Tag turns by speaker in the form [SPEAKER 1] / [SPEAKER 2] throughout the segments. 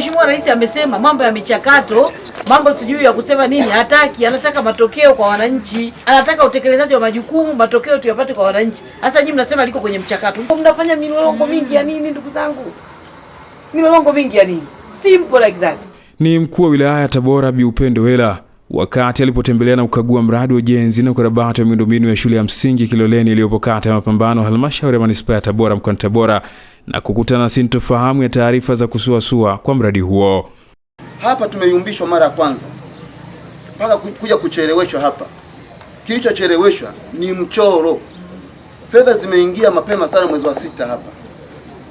[SPEAKER 1] Mheshimiwa Rais amesema mambo ya michakato, mambo sijui ya kusema nini, hataki, anataka matokeo kwa wananchi, anataka utekelezaji wa majukumu, matokeo tuyapate kwa wananchi. Sasa nyinyi mnasema liko kwenye mchakato, mnafanya milolongo mm. mingi ya nini? Ndugu zangu, milolongo mingi ya nini? Simple like that.
[SPEAKER 2] Ni mkuu wa wilaya ya Tabora Bi Upendo Hela wakati alipotembelea na kukagua mradi wa ujenzi na ukarabati wa miundombinu ya shule ya msingi Kiloleni iliyopo kata ya Mapambano, halmashauri ya manispaa ya Tabora, mkoani Tabora na kukutana sintofahamu ya taarifa za kusuasua kwa mradi huo.
[SPEAKER 3] Hapa tumeyumbishwa mara ya kwanza mpaka kuja kucheleweshwa hapa. Kilichocheleweshwa ni mchoro. Fedha zimeingia mapema sana mwezi wa sita hapa,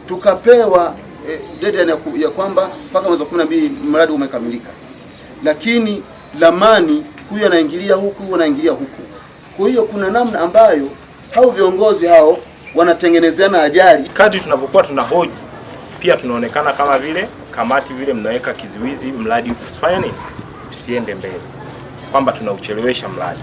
[SPEAKER 3] tukapewa e, deadline ya kwamba mpaka mwezi wa 12 mradi umekamilika, lakini lamani huyu anaingilia huku, anaingilia huku. Kwa hiyo kuna namna ambayo hao viongozi hao wanatengenezeana ajali.
[SPEAKER 4] Kadri tunavyokuwa tunahoji, pia tunaonekana kama vile kamati vile mnaweka kizuizi mradi ufanye nini, usiende mbele, kwamba tunauchelewesha mradi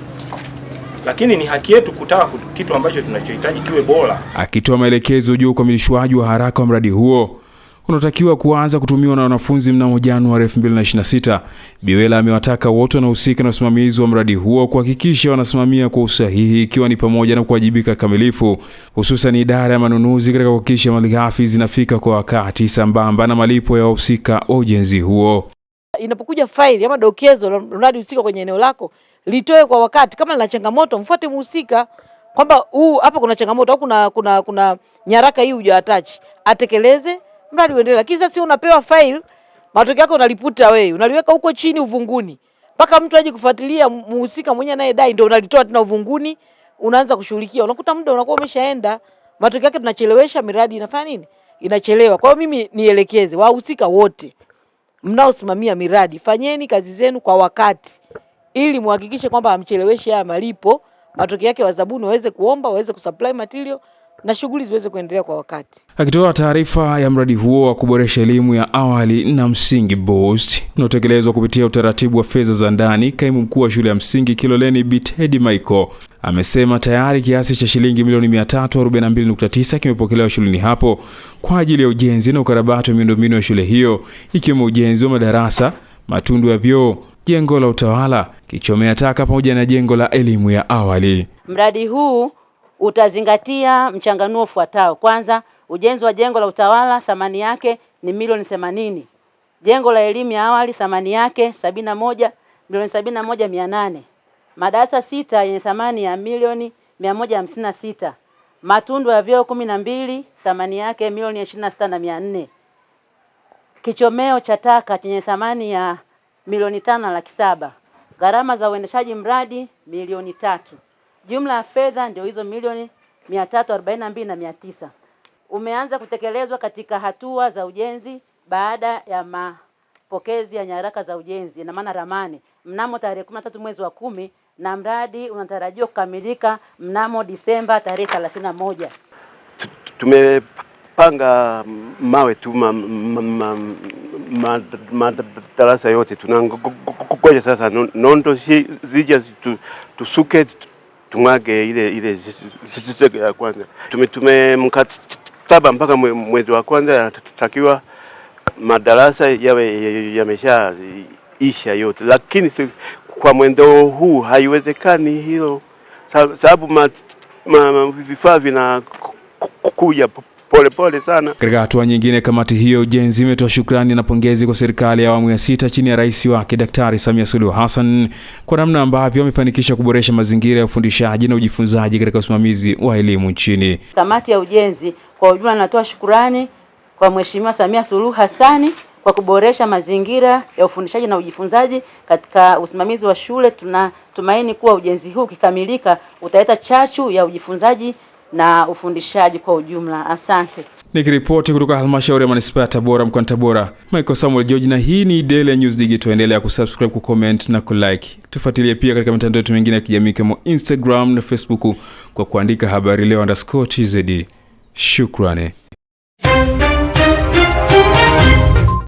[SPEAKER 4] lakini ni haki yetu kutaka kitu ambacho tunachohitaji kiwe bora.
[SPEAKER 2] Akitoa maelekezo juu ya ukamilishwaji wa haraka wa mradi huo, unatakiwa kuanza kutumiwa na wanafunzi mnamo Januari 2026. Biwela amewataka wote wanahusika na usimamizi wa mradi huo kuhakikisha wanasimamia kwa usahihi, ikiwa ni pamoja na kuwajibika kamilifu, hususan idara ya manunuzi katika kuhakikisha malighafi zinafika kwa wakati sambamba na malipo ya wahusika wa ujenzi huo.
[SPEAKER 1] Inapokuja faili ama dokezo la mradi husika kwenye eneo lako, litoe kwa wakati. Kama lina changamoto, mfuate mhusika kwamba huu hapa kuna changamoto au kuna, kuna, kuna nyaraka hii hujaatachi atekeleze mradi uendelee. Lakini sasa unapewa file, matokeo yako unaliputa wewe, unaliweka huko chini uvunguni mpaka mtu aje kufuatilia muhusika mwenye naye dai, ndio unalitoa tena uvunguni, unaanza kushughulikia, unakuta muda unakuwa umeshaenda. Matokeo yake tunachelewesha miradi, inafanya nini? Inachelewa. Kwa hiyo mimi nielekeze wahusika wote mnaosimamia miradi, fanyeni kazi zenu kwa wakati, ili muhakikishe kwamba hamcheleweshi haya malipo. Matokeo yake wazabuni waweze kuomba, waweze kusupply material na shughuli ziweze kuendelea kwa wakati.
[SPEAKER 2] Akitoa taarifa ya mradi huo wa kuboresha elimu ya awali na msingi BOOST unaotekelezwa kupitia utaratibu wa fedha za ndani, kaimu mkuu wa shule ya msingi Kiloleni Bi Teddy Michael amesema tayari kiasi cha shilingi milioni 342.9 kimepokelewa shuleni hapo kwa ajili ya ujenzi na ukarabati wa miundombinu ya shule hiyo ikiwemo ujenzi wa madarasa, matundu ya vyoo, jengo la utawala, kichomea taka pamoja na jengo la elimu ya awali.
[SPEAKER 1] Mradi huu utazingatia mchanganuo ufuatao. Kwanza, ujenzi wa jengo la utawala thamani yake ni milioni themanini. Jengo la elimu ya awali thamani yake sabini na moja milioni sabini na moja mia nane. Madarasa sita yenye thamani ya milioni mia moja hamsini na sita. Matundu ya vyoo kumi na mbili thamani yake milioni ishirini na sita na mia nne. Kichomeo cha taka chenye thamani ya milioni tano na laki saba. Gharama za uendeshaji mradi milioni tatu. Jumla ya fedha ndio hizo milioni 342 na mbili na mia tisa umeanza kutekelezwa katika hatua za ujenzi baada ya mapokezi ya nyaraka za ujenzi, na maana ramani, mnamo tarehe 13 mwezi wa kumi na mradi unatarajiwa kukamilika mnamo Disemba tarehe 31.
[SPEAKER 5] Tumepanga mawe tu madarasa yote, tunangoja sasa nondo zija tusuke tung'age ile ile zege ya kwanza mkataba mpaka mwezi wa kwanza, yanatakiwa madarasa yawe yameshaisha yote, lakini kwa mwendo huu haiwezekani hilo, sababu vifaa vinakuja pole sana.
[SPEAKER 2] Katika hatua nyingine, kamati hiyo ujenzi imetoa shukrani na pongezi kwa serikali ya awamu ya sita chini ya rais wake Daktari Samia Suluhu Hassan kwa namna ambavyo wamefanikisha kuboresha mazingira ya ufundishaji na ujifunzaji katika usimamizi wa elimu nchini.
[SPEAKER 1] Kamati ya ujenzi kwa ujumla natoa shukrani kwa Mheshimiwa Samia Suluhu Hassan kwa kuboresha mazingira ya ufundishaji na ujifunzaji katika usimamizi wa shule. Tunatumaini kuwa ujenzi huu ukikamilika utaleta chachu ya ujifunzaji na ufundishaji kwa ujumla. Asante.
[SPEAKER 2] Nikiripoti kutoka halmashauri ya manispaa ya Tabora mkoani Tabora, Michael Samuel George, na hii ni Daily News Digital. Endelea kusubscribe, kucomment na kulike. Tufuatilie pia katika mitandao yetu mingine ya kijamii kama Instagram na Facebook kwa kuandika habari leo underscore tz. Shukrani.